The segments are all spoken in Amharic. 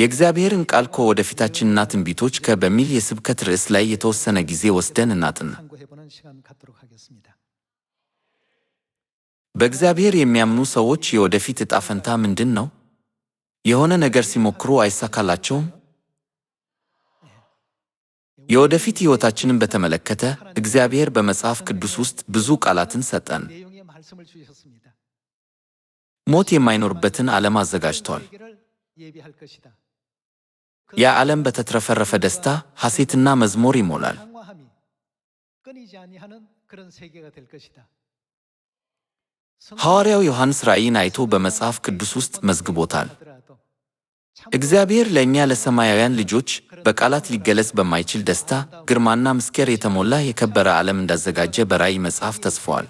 የእግዚአብሔርን ቃል ኮ ወደፊታችንና ትንቢቶች ከ የስብከት ርዕስ ላይ የተወሰነ ጊዜ ወስደን እናጥና። በእግዚአብሔር የሚያምኑ ሰዎች የወደፊት ዕጣ ፈንታ ምንድን ነው? የሆነ ነገር ሲሞክሩ አይሳካላቸውም? የወደፊት ሕይወታችንን በተመለከተ እግዚአብሔር በመጽሐፍ ቅዱስ ውስጥ ብዙ ቃላትን ሰጠን። ሞት የማይኖርበትን ዓለም አዘጋጅቷል። ያ ዓለም በተትረፈረፈ ደስታ፣ ሐሴትና መዝሙር ይሞላል። ሐዋርያው ዮሐንስ ራእይን አይቶ በመጽሐፍ ቅዱስ ውስጥ መዝግቦታል። እግዚአብሔር ለእኛ ለሰማያውያን ልጆች በቃላት ሊገለጽ በማይችል ደስታ፣ ግርማና ምስኪር የተሞላ የከበረ ዓለም እንዳዘጋጀ በራእይ መጽሐፍ ተጽፏል።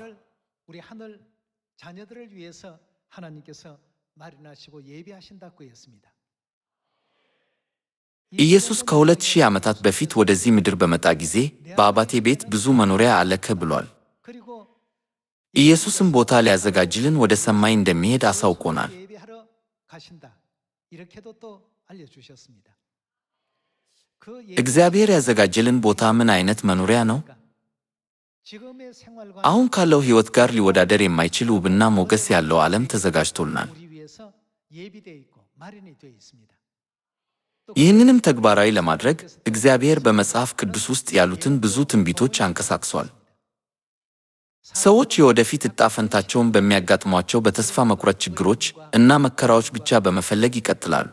ኢየሱስ ከሁለት ሺህ ዓመታት በፊት ወደዚህ ምድር በመጣ ጊዜ በአባቴ ቤት ብዙ መኖሪያ አለከ ብሏል። ኢየሱስም ቦታ ሊያዘጋጅልን ወደ ሰማይ እንደሚሄድ አሳውቆናል። እግዚአብሔር ያዘጋጀልን ቦታ ምን አይነት መኖሪያ ነው? አሁን ካለው ሕይወት ጋር ሊወዳደር የማይችል ውብና ሞገስ ያለው ዓለም ተዘጋጅቶልናል። ይህንንም ተግባራዊ ለማድረግ እግዚአብሔር በመጽሐፍ ቅዱስ ውስጥ ያሉትን ብዙ ትንቢቶች አንቀሳቅሷል። ሰዎች የወደፊት እጣፈንታቸውን ፈንታቸውን በሚያጋጥሟቸው በተስፋ መቁረጥ ችግሮች እና መከራዎች ብቻ በመፈለግ ይቀጥላሉ።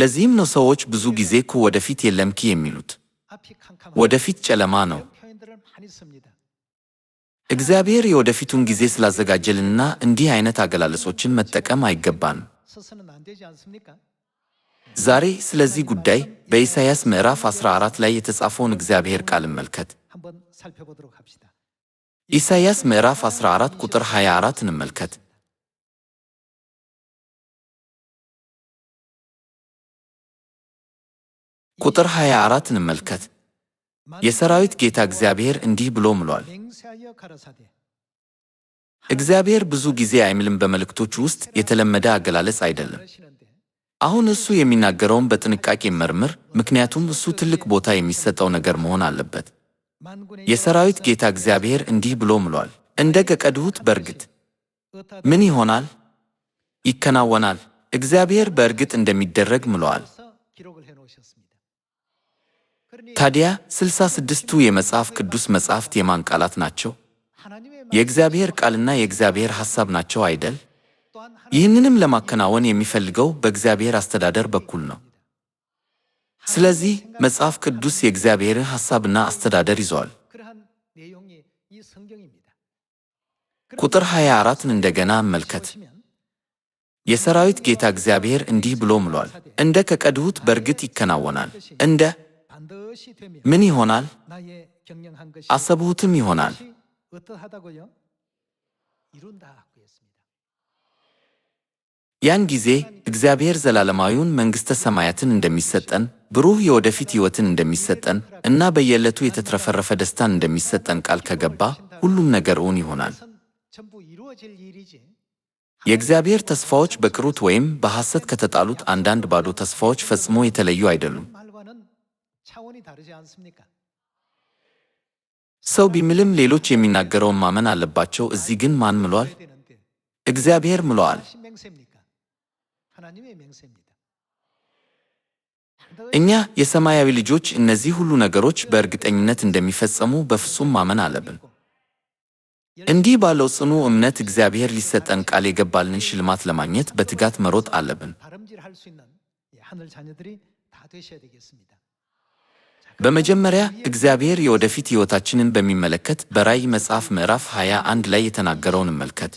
ለዚህም ነው ሰዎች ብዙ ጊዜ እኮ ወደፊት የለምኪ የሚሉት። ወደፊት ጨለማ ነው። እግዚአብሔር የወደፊቱን ጊዜ ስላዘጋጀልንና እንዲህ አይነት አገላለጾችን መጠቀም አይገባንም። ዛሬ ስለዚህ ጉዳይ በኢሳይያስ ምዕራፍ 14 ላይ የተጻፈውን እግዚአብሔር ቃል እንመልከት። ኢሳይያስ ምዕራፍ 14 ቁጥር 24 እንመልከት። ቁጥር 24 እንመልከት። የሰራዊት ጌታ እግዚአብሔር እንዲህ ብሎ ምሏል። እግዚአብሔር ብዙ ጊዜ አይምልም። በመልእክቶች ውስጥ የተለመደ አገላለጽ አይደለም። አሁን እሱ የሚናገረውን በጥንቃቄ መርምር፣ ምክንያቱም እሱ ትልቅ ቦታ የሚሰጠው ነገር መሆን አለበት። የሰራዊት ጌታ እግዚአብሔር እንዲህ ብሎ ምሏል፣ እንደ ገቀድሁት በእርግጥ ምን ይሆናል? ይከናወናል። እግዚአብሔር በእርግጥ እንደሚደረግ ምለዋል። ታዲያ ስልሳ ስድስቱ የመጽሐፍ ቅዱስ መጻሕፍት የማን ቃላት ናቸው? የእግዚአብሔር ቃልና የእግዚአብሔር ሐሳብ ናቸው አይደል? ይህንንም ለማከናወን የሚፈልገው በእግዚአብሔር አስተዳደር በኩል ነው። ስለዚህ መጽሐፍ ቅዱስ የእግዚአብሔርን ሐሳብና አስተዳደር ይዘዋል። ቁጥር 24ን እንደገና እንመልከት። የሰራዊት ጌታ እግዚአብሔር እንዲህ ብሎ ምሏል፣ እንደ ከቀድሁት በእርግጥ ይከናወናል። እንደ ምን ይሆናል? አሰብሁትም ይሆናል። ያን ጊዜ እግዚአብሔር ዘላለማዊውን መንግሥተ ሰማያትን እንደሚሰጠን፣ ብሩህ የወደፊት ሕይወትን እንደሚሰጠን እና በየዕለቱ የተትረፈረፈ ደስታን እንደሚሰጠን ቃል ከገባ ሁሉም ነገር እውን ይሆናል። የእግዚአብሔር ተስፋዎች በቅሩት ወይም በሐሰት ከተጣሉት አንዳንድ ባዶ ተስፋዎች ፈጽሞ የተለዩ አይደሉም። ሰው ቢምልም ሌሎች የሚናገረውን ማመን አለባቸው። እዚህ ግን ማን ምሏል? እግዚአብሔር ምሏል። እኛ የሰማያዊ ልጆች እነዚህ ሁሉ ነገሮች በእርግጠኝነት እንደሚፈጸሙ በፍጹም ማመን አለብን። እንዲህ ባለው ጽኑ እምነት እግዚአብሔር ሊሰጠን ቃል የገባልን ሽልማት ለማግኘት በትጋት መሮጥ አለብን። በመጀመሪያ እግዚአብሔር የወደፊት ሕይወታችንን በሚመለከት በራእይ መጽሐፍ ምዕራፍ 21 ላይ የተናገረውን እንመልከት።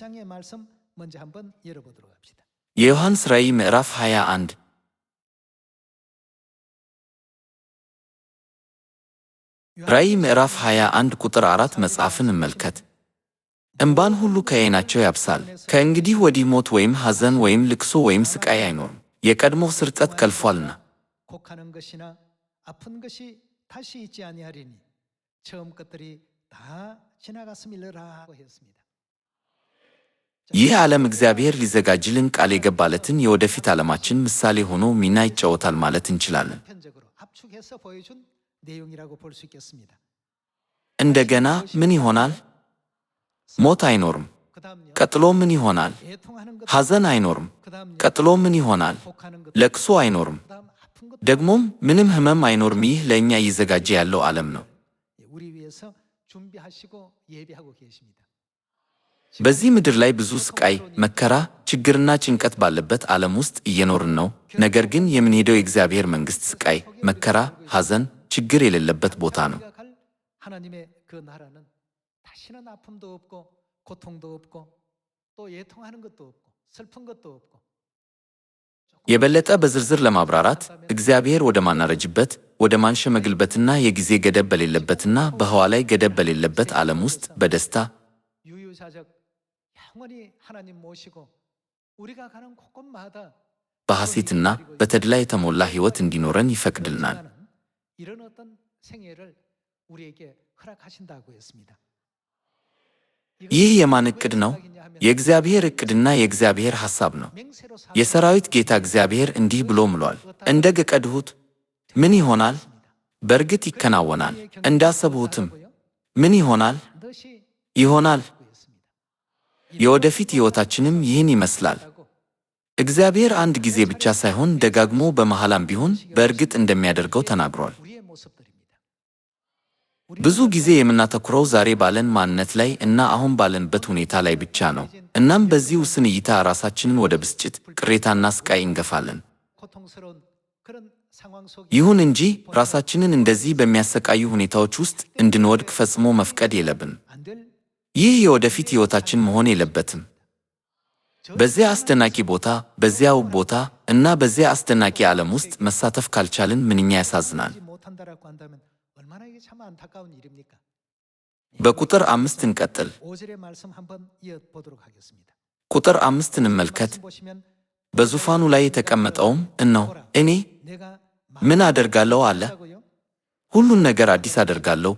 የዮሐንስ ራእይ ምዕራፍ 21 ራእይ ምዕራፍ 21 ቁጥር 4 መጽሐፍን እንመልከት። እምባን ሁሉ ከዓይናቸው ያብሳል። ከእንግዲህ ወዲህ ሞት ወይም ሐዘን ወይም ልቅሶ ወይም ሥቃይ አይኖርም፣ የቀድሞ ስርጠት ከልፏልና። ይህ ዓለም እግዚአብሔር ሊዘጋጅልን ቃል የገባለትን የወደፊት ዓለማችን ምሳሌ ሆኖ ሚና ይጫወታል ማለት እንችላለን። እንደገና ምን ይሆናል? ሞት አይኖርም። ቀጥሎ ምን ይሆናል? ሐዘን አይኖርም። ቀጥሎ ምን ይሆናል? ለቅሶ አይኖርም። ደግሞም ምንም ሕመም አይኖርም። ይህ ለእኛ እየዘጋጀ ያለው ዓለም ነው። በዚህ ምድር ላይ ብዙ ስቃይ፣ መከራ፣ ችግርና ጭንቀት ባለበት ዓለም ውስጥ እየኖርን ነው። ነገር ግን የምንሄደው የእግዚአብሔር መንግሥት ስቃይ፣ መከራ፣ ሐዘን፣ ችግር የሌለበት ቦታ ነው። የበለጠ በዝርዝር ለማብራራት እግዚአብሔር ወደ ማናረጅበት ወደ ማንሸመግልበትና የጊዜ ገደብ በሌለበትና በህዋ ላይ ገደብ በሌለበት ዓለም ውስጥ በደስታ በሐሴትና በተድላ የተሞላ ሕይወት እንዲኖረን ይፈቅድልናል። ይህ የማን ዕቅድ ነው? የእግዚአብሔር ዕቅድና የእግዚአብሔር ሐሳብ ነው። የሰራዊት ጌታ እግዚአብሔር እንዲህ ብሎ ምሏል፣ እንደ ገቀድሁት ምን ይሆናል? በእርግጥ ይከናወናል። እንዳሰብሁትም ምን ይሆናል? ይሆናል። የወደፊት ሕይወታችንም ይህን ይመስላል። እግዚአብሔር አንድ ጊዜ ብቻ ሳይሆን ደጋግሞ በመሐላም ቢሆን በእርግጥ እንደሚያደርገው ተናግሯል። ብዙ ጊዜ የምናተኩረው ዛሬ ባለን ማንነት ላይ እና አሁን ባለንበት ሁኔታ ላይ ብቻ ነው። እናም በዚህ ውስን እይታ ራሳችንን ወደ ብስጭት፣ ቅሬታና ስቃይ እንገፋለን። ይሁን እንጂ ራሳችንን እንደዚህ በሚያሰቃዩ ሁኔታዎች ውስጥ እንድንወድቅ ፈጽሞ መፍቀድ የለብን። ይህ የወደፊት ሕይወታችን መሆን የለበትም። በዚያ አስደናቂ ቦታ፣ በዚያው ቦታ እና በዚያ አስደናቂ ዓለም ውስጥ መሳተፍ ካልቻልን ምንኛ ያሳዝናል። በቁጥር አምስት እንቀጥል። ቁጥር አምስት እንመልከት። በዙፋኑ ላይ የተቀመጠውም እነው እኔ ምን አደርጋለሁ አለ፣ ሁሉን ነገር አዲስ አደርጋለሁ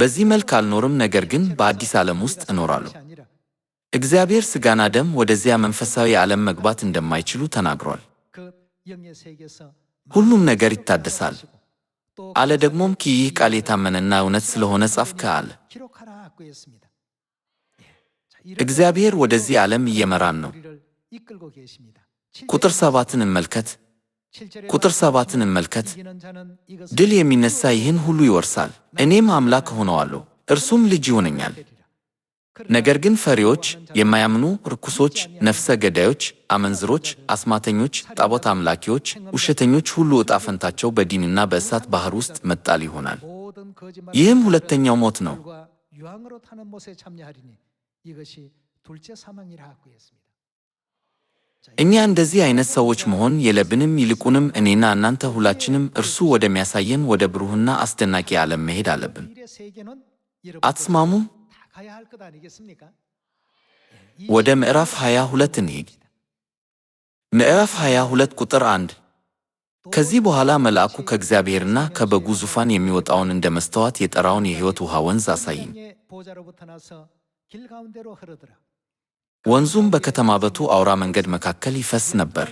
በዚህ መልክ አልኖርም፣ ነገር ግን በአዲስ ዓለም ውስጥ እኖራለሁ። እግዚአብሔር ሥጋና ደም ወደዚያ መንፈሳዊ ዓለም መግባት እንደማይችሉ ተናግሯል። ሁሉም ነገር ይታደሳል አለ። ደግሞም ኪ ይህ ቃል የታመነና እውነት ስለሆነ ጻፍከ አለ። እግዚአብሔር ወደዚህ ዓለም እየመራን ነው። ቁጥር ሰባትን እንመልከት። ቁጥር ሰባትን እመልከት። ድል የሚነሳ ይህን ሁሉ ይወርሳል፣ እኔም አምላክ እሆነዋለሁ፣ እርሱም ልጅ ይሆነኛል። ነገር ግን ፈሪዎች፣ የማያምኑ፣ ርኩሶች፣ ነፍሰ ገዳዮች፣ አመንዝሮች፣ አስማተኞች፣ ጣዖት አምላኪዎች፣ ውሸተኞች ሁሉ ዕጣ ፈንታቸው በዲንና በእሳት ባሕር ውስጥ መጣል ይሆናል። ይህም ሁለተኛው ሞት ነው። እኛ እንደዚህ አይነት ሰዎች መሆን የለብንም። ይልቁንም እኔና እናንተ ሁላችንም እርሱ ወደሚያሳየን ወደ ብሩህና አስደናቂ ዓለም መሄድ አለብን። አትስማሙም? ወደ ምዕራፍ 22 እንሂድ። ምዕራፍ 22 ቁጥር 1 ከዚህ በኋላ መልአኩ ከእግዚአብሔርና ከበጉ ዙፋን የሚወጣውን እንደ መስተዋት የጠራውን የሕይወት ውሃ ወንዝ አሳይኝ። ወንዙም በከተማበቱ አውራ መንገድ መካከል ይፈስ ነበር።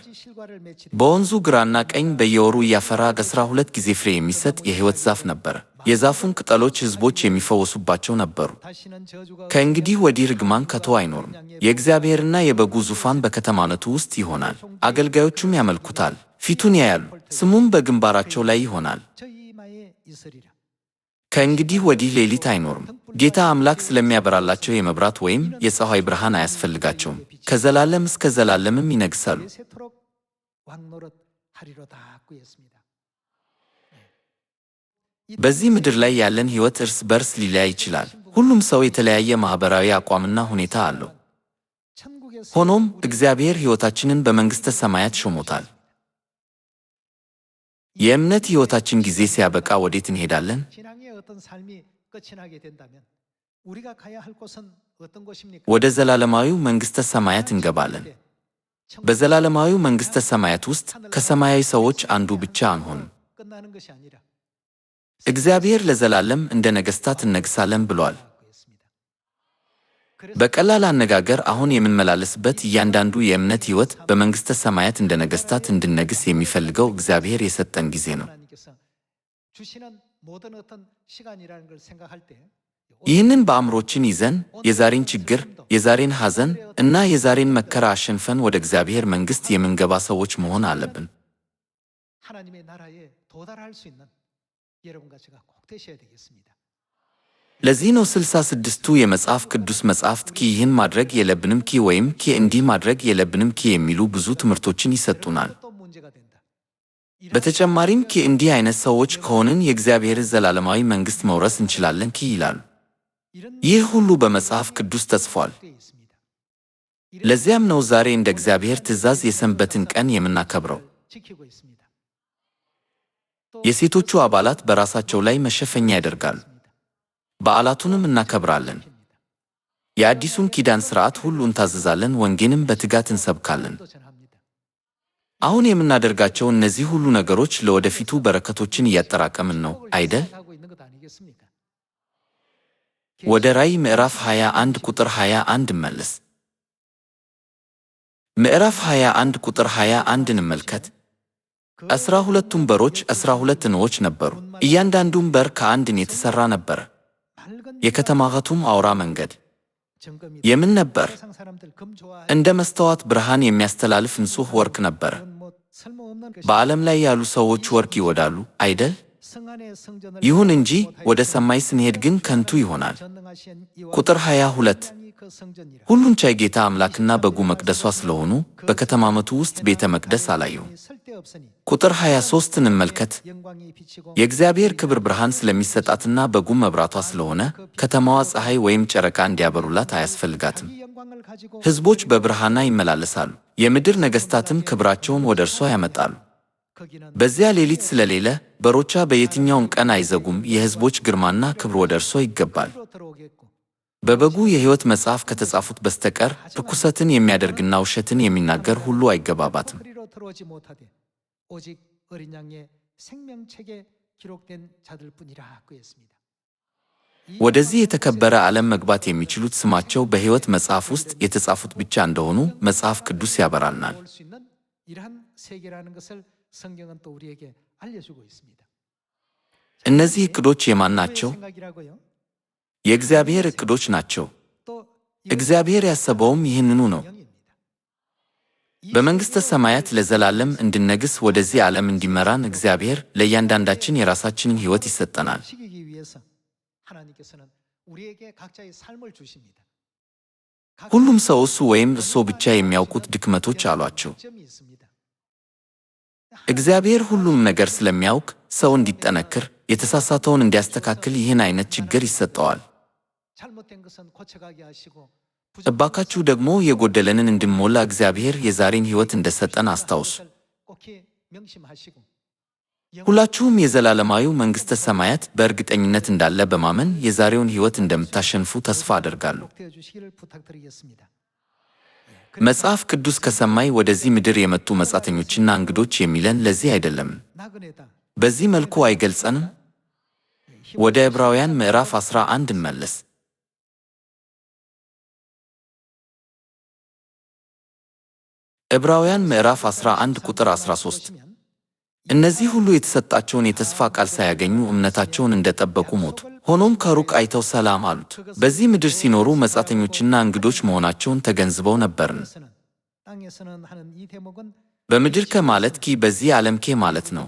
በወንዙ ግራና ቀኝ በየወሩ እያፈራ አስራ ሁለት ጊዜ ፍሬ የሚሰጥ የሕይወት ዛፍ ነበር። የዛፉን ቅጠሎች ሕዝቦች የሚፈወሱባቸው ነበሩ። ከእንግዲህ ወዲህ ርግማን ከቶ አይኖርም። የእግዚአብሔርና የበጉ ዙፋን በከተማነቱ ውስጥ ይሆናል። አገልጋዮቹም ያመልኩታል፣ ፊቱን ያያሉ፣ ስሙም በግንባራቸው ላይ ይሆናል። ከእንግዲህ ወዲህ ሌሊት አይኖርም። ጌታ አምላክ ስለሚያበራላቸው የመብራት ወይም የፀሐይ ብርሃን አያስፈልጋቸውም። ከዘላለም እስከ ዘላለምም ይነግሳሉ። በዚህ ምድር ላይ ያለን ሕይወት እርስ በርስ ሊለያይ ይችላል። ሁሉም ሰው የተለያየ ማኅበራዊ አቋምና ሁኔታ አለው። ሆኖም እግዚአብሔር ሕይወታችንን በመንግሥተ ሰማያት ሾሞታል። የእምነት ሕይወታችን ጊዜ ሲያበቃ ወዴት እንሄዳለን? ወደ ዘላለማዊው መንግሥተ ሰማያት እንገባለን። በዘላለማዊው መንግሥተ ሰማያት ውስጥ ከሰማያዊ ሰዎች አንዱ ብቻ አንሆንም። እግዚአብሔር ለዘላለም እንደ ነገሥታት እነግሣለን ብሏል። በቀላል አነጋገር አሁን የምንመላለስበት እያንዳንዱ የእምነት ሕይወት በመንግሥተ ሰማያት እንደ ነገሥታት እንድነግስ የሚፈልገው እግዚአብሔር የሰጠን ጊዜ ነው። ይህንን በአእምሮችን ይዘን የዛሬን ችግር፣ የዛሬን ሐዘን እና የዛሬን መከራ አሸንፈን ወደ እግዚአብሔር መንግሥት የምንገባ ሰዎች መሆን አለብን። ለዚህ ነው ስልሳ ስድስቱ የመጽሐፍ ቅዱስ መጽሐፍት ኪ ይህን ማድረግ የለብንም ኪ ወይም ኪ እንዲህ ማድረግ የለብንም ኪ የሚሉ ብዙ ትምህርቶችን ይሰጡናል። በተጨማሪም ኪ እንዲህ አይነት ሰዎች ከሆንን የእግዚአብሔር ዘላለማዊ መንግሥት መውረስ እንችላለን ኪ ይላሉ። ይህ ሁሉ በመጽሐፍ ቅዱስ ተጽፏል። ለዚያም ነው ዛሬ እንደ እግዚአብሔር ትእዛዝ የሰንበትን ቀን የምናከብረው። የሴቶቹ አባላት በራሳቸው ላይ መሸፈኛ ያደርጋሉ። በዓላቱንም እናከብራለን። የአዲሱን ኪዳን ሥርዓት ሁሉ እንታዘዛለን። ወንጌንም በትጋት እንሰብካለን። አሁን የምናደርጋቸው እነዚህ ሁሉ ነገሮች ለወደፊቱ በረከቶችን እያጠራቀምን ነው አይደል? ወደ ራዕይ ምዕራፍ 21 ቁጥር 21 እንመለስ። ምዕራፍ 21 ቁጥር 21 እንመልከት። አስራ ሁለቱም በሮች አስራ ሁለት ንዎች ነበሩ፣ እያንዳንዱም በር ከአንድን የተሠራ ነበር። የከተማቱም አውራ መንገድ የምን ነበር? እንደ መስተዋት ብርሃን የሚያስተላልፍ ንጹሕ ወርቅ ነበር። በዓለም ላይ ያሉ ሰዎች ወርቅ ይወዳሉ አይደል? ይሁን እንጂ ወደ ሰማይ ስንሄድ ግን ከንቱ ይሆናል። ቁጥር 22 ሁሉን ቻይ ጌታ አምላክና በጉ መቅደሷ ስለሆኑ በከተማመቱ ውስጥ ቤተ መቅደስ አላዩ። ቁጥር 23 እንመልከት። የእግዚአብሔር ክብር ብርሃን ስለሚሰጣትና በጉ መብራቷ ስለሆነ ከተማዋ ፀሐይ ወይም ጨረቃ እንዲያበሩላት አያስፈልጋትም። ሕዝቦች በብርሃና ይመላለሳሉ፣ የምድር ነገሥታትም ክብራቸውን ወደ እርሷ ያመጣሉ። በዚያ ሌሊት ስለሌለ በሮቿ በየትኛውም ቀን አይዘጉም። የሕዝቦች ግርማና ክብር ወደ እርሷ ይገባል። በበጉ የሕይወት መጽሐፍ ከተጻፉት በስተቀር ርኩሰትን የሚያደርግና ውሸትን የሚናገር ሁሉ አይገባባትም። ወደዚህ የተከበረ ዓለም መግባት የሚችሉት ስማቸው በሕይወት መጽሐፍ ውስጥ የተጻፉት ብቻ እንደሆኑ መጽሐፍ ቅዱስ ያበራልናል። እነዚህ ዕቅዶች የማን ናቸው? የእግዚአብሔር ዕቅዶች ናቸው። እግዚአብሔር ያሰበውም ይህንኑ ነው። በመንግሥተ ሰማያት ለዘላለም እንድነግስ ወደዚህ ዓለም እንዲመራን እግዚአብሔር ለእያንዳንዳችን የራሳችንን ሕይወት ይሰጠናል። ሁሉም ሰው እሱ ወይም እሶ ብቻ የሚያውቁት ድክመቶች አሏቸው። እግዚአብሔር ሁሉም ነገር ስለሚያውቅ ሰው እንዲጠነክር፣ የተሳሳተውን እንዲያስተካክል ይህን አይነት ችግር ይሰጠዋል። እባካችሁ ደግሞ የጎደለንን እንድንሞላ እግዚአብሔር የዛሬን ሕይወት እንደሰጠን አስታውሱ። ሁላችሁም የዘላለማዊው መንግሥተ ሰማያት በእርግጠኝነት እንዳለ በማመን የዛሬውን ሕይወት እንደምታሸንፉ ተስፋ አደርጋሉ። መጽሐፍ ቅዱስ ከሰማይ ወደዚህ ምድር የመጡ መጻተኞችና እንግዶች የሚለን ለዚህ አይደለም። በዚህ መልኩ አይገልጸንም። ወደ ዕብራውያን ምዕራፍ 11 እንመለስ። ዕብራውያን ምዕራፍ 11 ቁጥር 13። እነዚህ ሁሉ የተሰጣቸውን የተስፋ ቃል ሳያገኙ እምነታቸውን እንደጠበቁ ሞቱ። ሆኖም ከሩቅ አይተው ሰላም አሉት። በዚህ ምድር ሲኖሩ መጻተኞችና እንግዶች መሆናቸውን ተገንዝበው ነበርን። በምድር ከማለት ኪ በዚህ ዓለም ኬ ማለት ነው።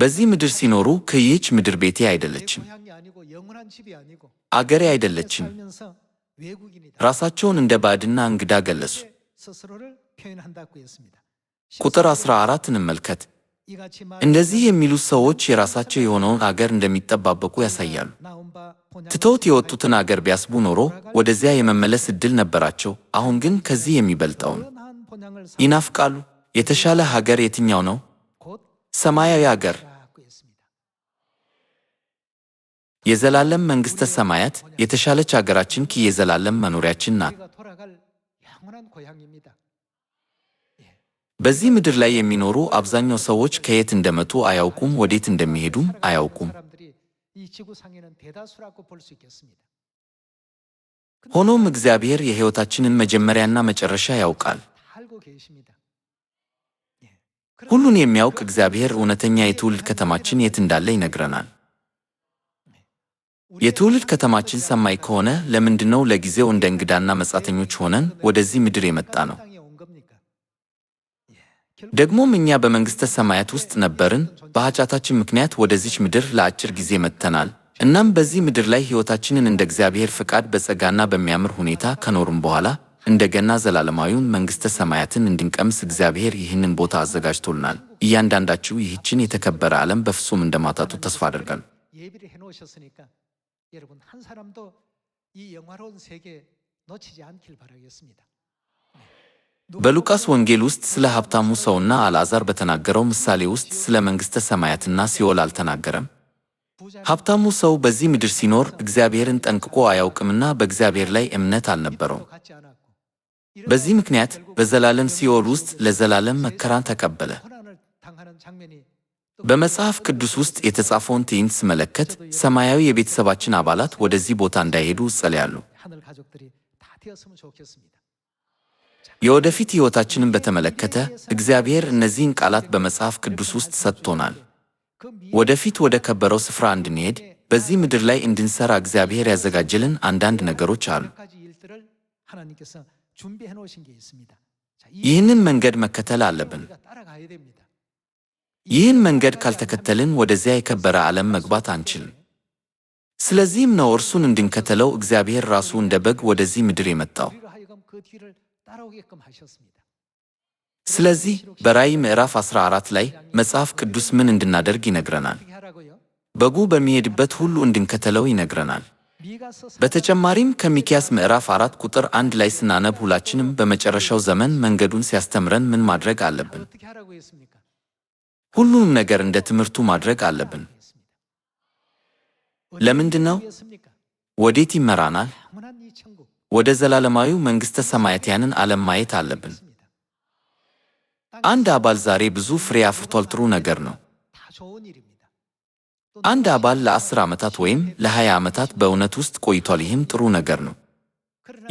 በዚህ ምድር ሲኖሩ ከይህች ምድር ቤቴ አይደለችም፣ አገሬ አይደለችም ራሳቸውን እንደ ባዕድና እንግዳ ገለጹ። ቁጥር 14 እንመልከት። እንደዚህ የሚሉት ሰዎች የራሳቸው የሆነውን አገር እንደሚጠባበቁ ያሳያሉ። ትተውት የወጡትን አገር ቢያስቡ ኖሮ ወደዚያ የመመለስ ዕድል ነበራቸው። አሁን ግን ከዚህ የሚበልጠውን ይናፍቃሉ። የተሻለ ሀገር የትኛው ነው? ሰማያዊ አገር የዘላለም መንግሥተ ሰማያት የተሻለች አገራችን ኪ የዘላለም መኖሪያችን ናት። በዚህ ምድር ላይ የሚኖሩ አብዛኛው ሰዎች ከየት እንደመጡ አያውቁም፣ ወዴት እንደሚሄዱም አያውቁም። ሆኖም እግዚአብሔር የሕይወታችንን መጀመሪያና መጨረሻ ያውቃል። ሁሉን የሚያውቅ እግዚአብሔር እውነተኛ የትውልድ ከተማችን የት እንዳለ ይነግረናል። የትውልድ ከተማችን ሰማይ ከሆነ ለምንድነው ለጊዜው እንደ እንግዳና መጻተኞች ሆነን ወደዚህ ምድር የመጣ ነው? ደግሞም እኛ በመንግሥተ ሰማያት ውስጥ ነበርን። በኃጢአታችን ምክንያት ወደዚች ምድር ለአጭር ጊዜ መጥተናል። እናም በዚህ ምድር ላይ ሕይወታችንን እንደ እግዚአብሔር ፍቃድ በጸጋና በሚያምር ሁኔታ ከኖርም በኋላ እንደገና ዘላለማዊውን መንግሥተ ሰማያትን እንድንቀምስ እግዚአብሔር ይህንን ቦታ አዘጋጅቶልናል። እያንዳንዳችሁ ይህችን የተከበረ ዓለም በፍጹም እንደማታጡ ተስፋ አደርጋለሁ። 여러분 한 사람도 이 영화로운 세계 놓치지 않길 바라겠습니다. በሉቃስ ወንጌል ውስጥ ስለ ሀብታሙ ሰውና አልዓዛር በተናገረው ምሳሌ ውስጥ ስለ መንግሥተ ሰማያትና ሲኦል አልተናገረም። ሀብታሙ ሰው በዚህ ምድር ሲኖር እግዚአብሔርን ጠንቅቆ አያውቅምና በእግዚአብሔር ላይ እምነት አልነበረውም። በዚህ ምክንያት በዘላለም ሲኦል ውስጥ ለዘላለም መከራን ተቀበለ። በመጽሐፍ ቅዱስ ውስጥ የተጻፈውን ትዕይንት ስመለከት ሰማያዊ የቤተሰባችን አባላት ወደዚህ ቦታ እንዳይሄዱ እጸልያሉ። የወደፊት ሕይወታችንን በተመለከተ እግዚአብሔር እነዚህን ቃላት በመጽሐፍ ቅዱስ ውስጥ ሰጥቶናል። ወደፊት ወደ ከበረው ስፍራ እንድንሄድ በዚህ ምድር ላይ እንድንሠራ እግዚአብሔር ያዘጋጀልን አንዳንድ ነገሮች አሉ። ይህንን መንገድ መከተል አለብን። ይህን መንገድ ካልተከተልን ወደዚያ የከበረ ዓለም መግባት አንችልም። ስለዚህም ነው እርሱን እንድንከተለው እግዚአብሔር ራሱ እንደ በግ ወደዚህ ምድር የመጣው። ስለዚህ በራእይ ምዕራፍ 14 ላይ መጽሐፍ ቅዱስ ምን እንድናደርግ ይነግረናል? በጉ በሚሄድበት ሁሉ እንድንከተለው ይነግረናል። በተጨማሪም ከሚኪያስ ምዕራፍ አራት ቁጥር አንድ ላይ ስናነብ ሁላችንም በመጨረሻው ዘመን መንገዱን ሲያስተምረን ምን ማድረግ አለብን? ሁሉንም ነገር እንደ ትምህርቱ ማድረግ አለብን። ለምንድን ነው? ወዴት ይመራናል? ወደ ዘላለማዊው መንግሥተ ሰማያት ያንን ዓለም ማየት አለብን። አንድ አባል ዛሬ ብዙ ፍሬ አፍርቷል። ጥሩ ነገር ነው። አንድ አባል ለአስር ዓመታት ወይም ለሀያ ዓመታት በእውነት ውስጥ ቆይቷል። ይህም ጥሩ ነገር ነው።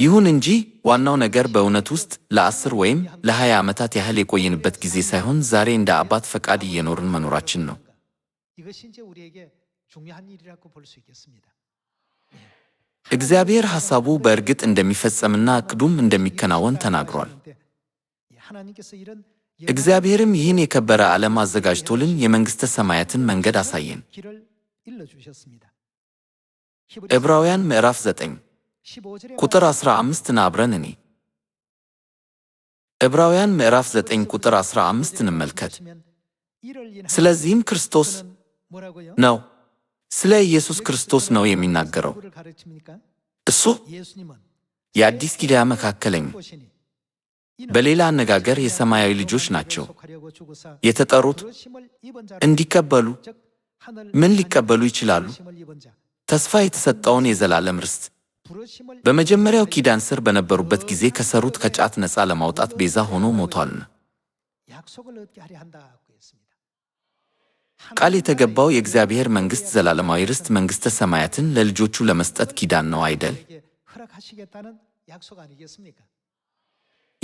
ይሁን እንጂ ዋናው ነገር በእውነት ውስጥ ለአስር ወይም ለሀያ ዓመታት ያህል የቆየንበት ጊዜ ሳይሆን ዛሬ እንደ አባት ፈቃድ እየኖርን መኖራችን ነው። እግዚአብሔር ሐሳቡ በእርግጥ እንደሚፈጸምና ዕቅዱም እንደሚከናወን ተናግሯል። እግዚአብሔርም ይህን የከበረ ዓለም አዘጋጅቶልን የመንግሥተ ሰማያትን መንገድ አሳየን። ዕብራውያን ምዕራፍ ዘጠኝ ቁጥር 15 ና አብረን ዕብራውያን ምዕራፍ 9 ቁጥር 15 እንመልከት። ስለዚህም ክርስቶስ ነው፣ ስለ ኢየሱስ ክርስቶስ ነው የሚናገረው። እሱ የአዲስ ኪዳን መካከለኝ በሌላ አነጋገር የሰማያዊ ልጆች ናቸው የተጠሩት እንዲቀበሉ ምን ሊቀበሉ ይችላሉ? ተስፋ የተሰጠውን የዘላለም ርስት በመጀመሪያው ኪዳን ስር በነበሩበት ጊዜ ከሰሩት ከጫት ነፃ ለማውጣት ቤዛ ሆኖ ሞቷል። ቃል የተገባው የእግዚአብሔር መንግሥት ዘላለማዊ ርስት መንግሥተ ሰማያትን ለልጆቹ ለመስጠት ኪዳን ነው አይደል?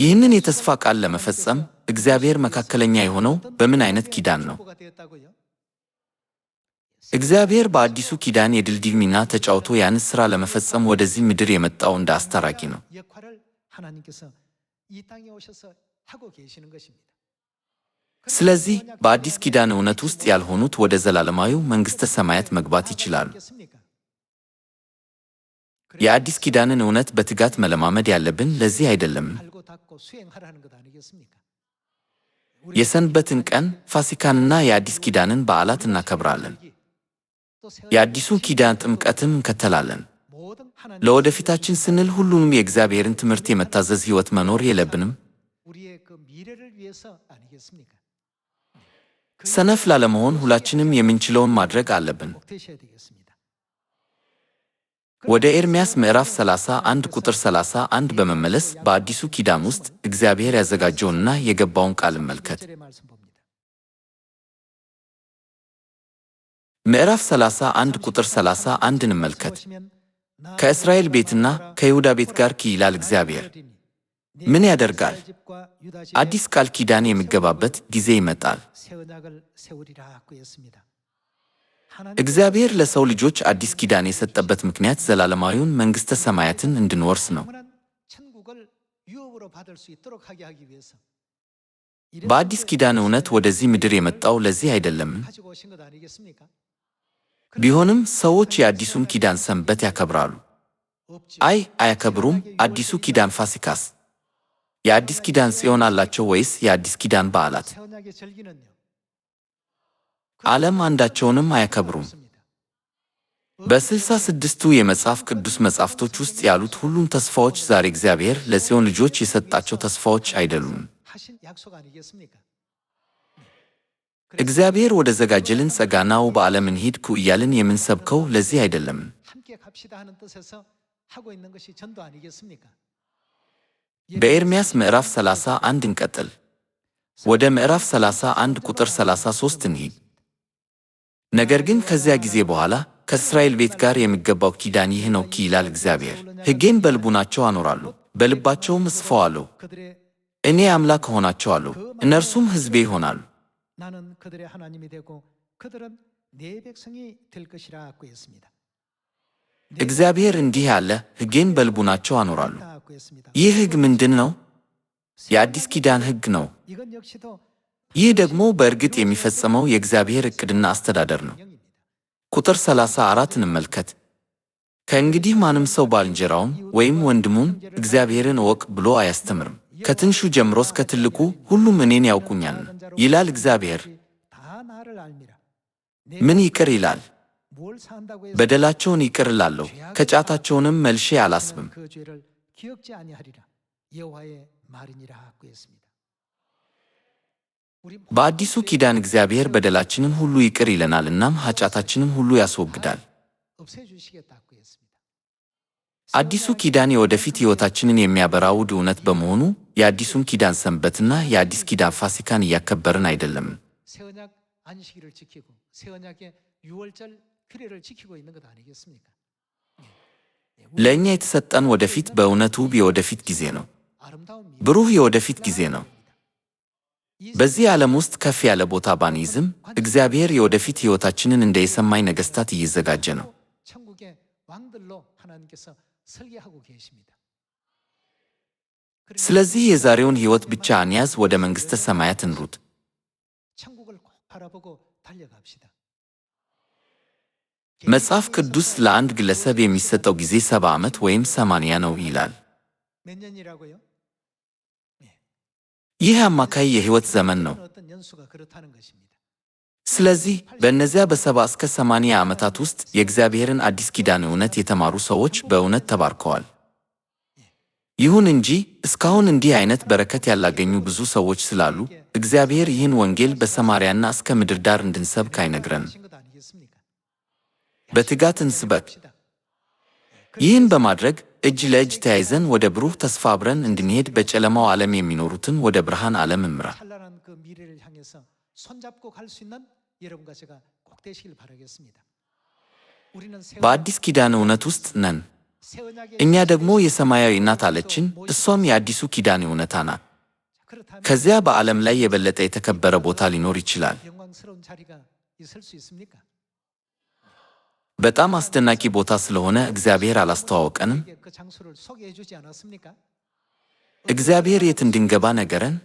ይህንን የተስፋ ቃል ለመፈጸም እግዚአብሔር መካከለኛ የሆነው በምን አይነት ኪዳን ነው? እግዚአብሔር በአዲሱ ኪዳን የድልድዩ ሚና ተጫውቶ ያን ሥራ ለመፈጸም ወደዚህ ምድር የመጣው እንደ አስታራቂ ነው። ስለዚህ በአዲስ ኪዳን እውነት ውስጥ ያልሆኑት ወደ ዘላለማዊው መንግሥተ ሰማያት መግባት ይችላሉ። የአዲስ ኪዳንን እውነት በትጋት መለማመድ ያለብን ለዚህ አይደለም። የሰንበትን ቀን ፋሲካንና የአዲስ ኪዳንን በዓላት እናከብራለን። የአዲሱ ኪዳን ጥምቀትን እንከተላለን። ለወደፊታችን ስንል ሁሉንም የእግዚአብሔርን ትምህርት የመታዘዝ ሕይወት መኖር የለብንም። ሰነፍ ላለመሆን ሁላችንም የምንችለውን ማድረግ አለብን። ወደ ኤርምያስ ምዕራፍ 31 ቁጥር 31 በመመለስ በአዲሱ ኪዳን ውስጥ እግዚአብሔር ያዘጋጀውንና የገባውን ቃል እንመልከት። ምዕራፍ 31 ቁጥር 31 እንመልከት። ከእስራኤል ቤትና ከይሁዳ ቤት ጋር ኪ ይላል እግዚአብሔር ምን ያደርጋል? አዲስ ቃል ኪዳን የሚገባበት ጊዜ ይመጣል። እግዚአብሔር ለሰው ልጆች አዲስ ኪዳን የሰጠበት ምክንያት ዘላለማዊውን መንግሥተ ሰማያትን እንድንወርስ ነው። በአዲስ ኪዳን እውነት ወደዚህ ምድር የመጣው ለዚህ አይደለምን? ቢሆንም ሰዎች የአዲሱን ኪዳን ሰንበት ያከብራሉ። አይ አያከብሩም። አዲሱ ኪዳን ፋሲካስ የአዲስ ኪዳን ጽዮን አላቸው ወይስ የአዲስ ኪዳን በዓላት? ዓለም አንዳቸውንም አያከብሩም። በስልሳ ስድስቱ የመጽሐፍ ቅዱስ መጻሕፍቶች ውስጥ ያሉት ሁሉም ተስፋዎች ዛሬ እግዚአብሔር ለጽዮን ልጆች የሰጣቸው ተስፋዎች አይደሉም። እግዚአብሔር ወደ ዘጋጀልን ጸጋናው በዓለም እንሂድኩ እያልን የምንሰብከው ለዚህ አይደለም። በኤርምያስ ምዕራፍ 31 እንቀጥል። ወደ ምዕራፍ 31 ቁጥር 33 እንሂድ። ነገር ግን ከዚያ ጊዜ በኋላ ከእስራኤል ቤት ጋር የሚገባው ኪዳን ይህ ነው ኪ ይላል እግዚአብሔር። ሕጌን በልቡናቸው አኖራሉ በልባቸውም እጽፈዋለሁ። እኔ አምላክ እሆናቸዋለሁ፣ እነርሱም ሕዝቤ ይሆናሉ። 나는 그들의 하나님이 되고 그들은 내 백성이 될 것이라고 했습니다. እግዚአብሔር እንዲህ ያለ ሕጌን በልቡናቸው አኖራሉ። ይህ ሕግ ምንድን ነው? የአዲስ ኪዳን ሕግ ነው። ይህ ደግሞ በእርግጥ የሚፈጸመው የእግዚአብሔር ዕቅድና አስተዳደር ነው። ቁጥር 34 እንመልከት። ከእንግዲህ ማንም ሰው ወይም ወንድሙን እግዚአብሔርን እወቅ ብሎ አያስተምርም ከትንሹ ጀምሮ እስከ ትልቁ ሁሉም እኔን ያውቁኛል ይላል እግዚአብሔር። ምን ይቅር ይላል? በደላቸውን ይቅር እላለሁ፣ ከጫታቸውንም መልሼ አላስብም። በአዲሱ ኪዳን እግዚአብሔር በደላችንን ሁሉ ይቅር ይለናል፣ እናም ኃጢአታችንን ሁሉ ያስወግዳል። አዲሱ ኪዳን የወደፊት ሕይወታችንን የሚያበራ ውድ እውነት በመሆኑ የአዲሱን ኪዳን ሰንበትና የአዲስ ኪዳን ፋሲካን እያከበርን አይደለም። ለእኛ የተሰጠን ወደፊት በእውነት ውብ የወደፊት ጊዜ ነው። ብሩህ የወደፊት ጊዜ ነው። በዚህ ዓለም ውስጥ ከፍ ያለ ቦታ ባንይዝም እግዚአብሔር የወደፊት ሕይወታችንን እንደ የሰማይ ነገሥታት እየዘጋጀ ነው። ስለዚህ የዛሬውን ሕይወት ብቻ አንያዝ፣ ወደ መንግሥተ ሰማያት እንሩጥ። መጽሐፍ ቅዱስ ለአንድ ግለሰብ የሚሰጠው ጊዜ ሰባ ዓመት ወይም ሰማንያ ነው ይላል። ይህ አማካይ የሕይወት ዘመን ነው። ስለዚህ በእነዚያ በሰባ እስከ ሰማንያ ዓመታት ውስጥ የእግዚአብሔርን አዲስ ኪዳን እውነት የተማሩ ሰዎች በእውነት ተባርከዋል። ይሁን እንጂ እስካሁን እንዲህ አይነት በረከት ያላገኙ ብዙ ሰዎች ስላሉ እግዚአብሔር ይህን ወንጌል በሰማርያና እስከ ምድር ዳር እንድንሰብክ አይነግረን። በትጋት እንስበክ። ይህን በማድረግ እጅ ለእጅ ተያይዘን ወደ ብሩህ ተስፋ አብረን እንድንሄድ በጨለማው ዓለም የሚኖሩትን ወደ ብርሃን ዓለም እምራ። በአዲስ ኪዳን እውነት ውስጥ ነን። እኛ ደግሞ የሰማያዊ እናት አለችን፣ እሷም የአዲሱ ኪዳን እውነታ ናት። ከዚያ በዓለም ላይ የበለጠ የተከበረ ቦታ ሊኖር ይችላል። በጣም አስደናቂ ቦታ ስለሆነ እግዚአብሔር አላስተዋወቀንም? እግዚአብሔር የት እንድንገባ ነገረን።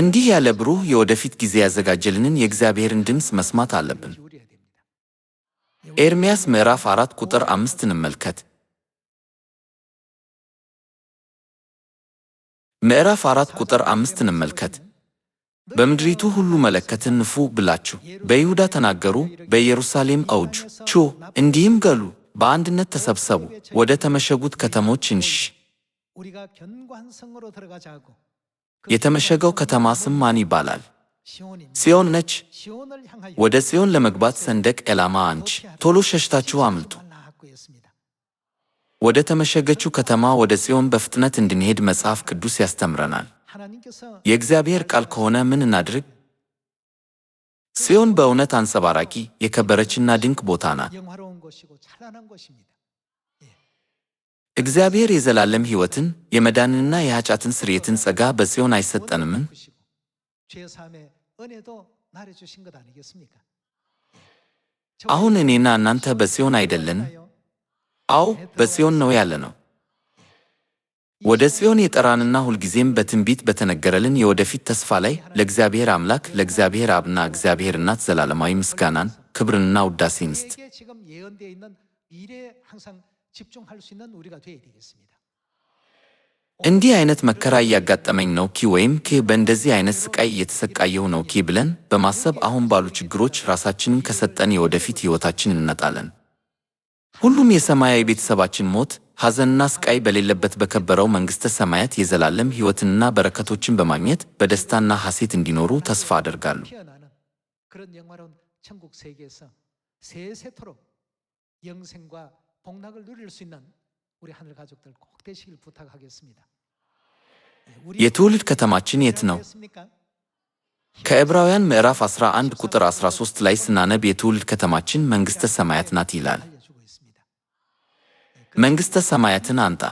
እንዲህ ያለ ብሩህ የወደፊት ጊዜ ያዘጋጀልንን የእግዚአብሔርን ድምፅ መስማት አለብን። ኤርምያስ ምዕራፍ አራት ቁጥር አምስት እንመልከት። ምዕራፍ አራት ቁጥር አምስት እንመልከት። በምድሪቱ ሁሉ መለከትን ንፉ ብላችሁ በይሁዳ ተናገሩ፣ በኢየሩሳሌም አውጁ፣ ቹ እንዲህም ገሉ፣ በአንድነት ተሰብሰቡ፣ ወደ ተመሸጉት ከተሞች እንሽ የተመሸገው ከተማ ስም ማን ይባላል? ጽዮን ነች። ወደ ጽዮን ለመግባት ሰንደቅ ዓላማ አንቺ ቶሎ ሸሽታችሁ አምልጡ። ወደ ተመሸገችው ከተማ ወደ ጽዮን በፍጥነት እንድንሄድ መጽሐፍ ቅዱስ ያስተምረናል። የእግዚአብሔር ቃል ከሆነ ምን እናድርግ? ጽዮን በእውነት አንጸባራቂ የከበረችና ድንቅ ቦታ ናት። እግዚአብሔር የዘላለም ሕይወትን የመዳንንና የኃጢአትን ስርየትን ጸጋ በጽዮን አይሰጠንምን? 죄사함의 은혜도 나를 주신 것 아니겠습니까? አሁን እኔና እናንተ በጽዮን አይደለን? አዎ በጽዮን ነው ያለ ነው። ወደ ጽዮን የጠራንና ሁልጊዜም በትንቢት በተነገረልን የወደፊት ተስፋ ላይ ለእግዚአብሔር አምላክ ለእግዚአብሔር አብና እግዚአብሔር እናት ዘላለማዊ ምስጋናን ክብርንና ውዳሴ ምስት እንዲህ አይነት መከራ እያጋጠመኝ ነው ኪ ወይም ኪ በእንደዚህ አይነት ስቃይ እየተሰቃየሁ ነው ኪ ብለን በማሰብ አሁን ባሉ ችግሮች ራሳችንን ከሰጠን የወደፊት ሕይወታችን እንነጣለን። ሁሉም የሰማያዊ ቤተሰባችን ሞት፣ ሐዘንና ስቃይ በሌለበት በከበረው መንግሥተ ሰማያት የዘላለም ሕይወትንና በረከቶችን በማግኘት በደስታና ሐሴት እንዲኖሩ ተስፋ አደርጋሉ 복락을 누릴 수 있는 우리 하늘 가족들 꼭 되시길 부탁하겠습니다. የትውልድ ከተማችን የት ነው? ከዕብራውያን ምዕራፍ 11 ቁጥር 13 ላይ ስናነብ የትውልድ ከተማችን መንግሥተ ሰማያት ናት ይላል። መንግሥተ ሰማያትን አንጣ።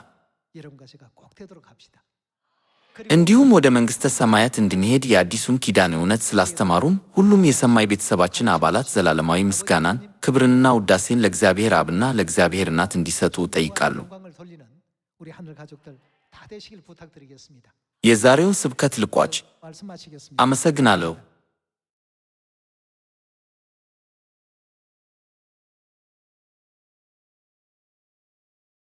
እንዲሁም ወደ መንግሥተ ሰማያት እንድንሄድ የአዲሱን ኪዳን እውነት ስላስተማሩም ሁሉም የሰማይ ቤተሰባችን አባላት ዘላለማዊ ምስጋናን ክብርንና ውዳሴን ለእግዚአብሔር አብና ለእግዚአብሔር እናት እንዲሰጡ እጠይቃለሁ። የዛሬው ስብከት ልቋጭ። አመሰግናለሁ።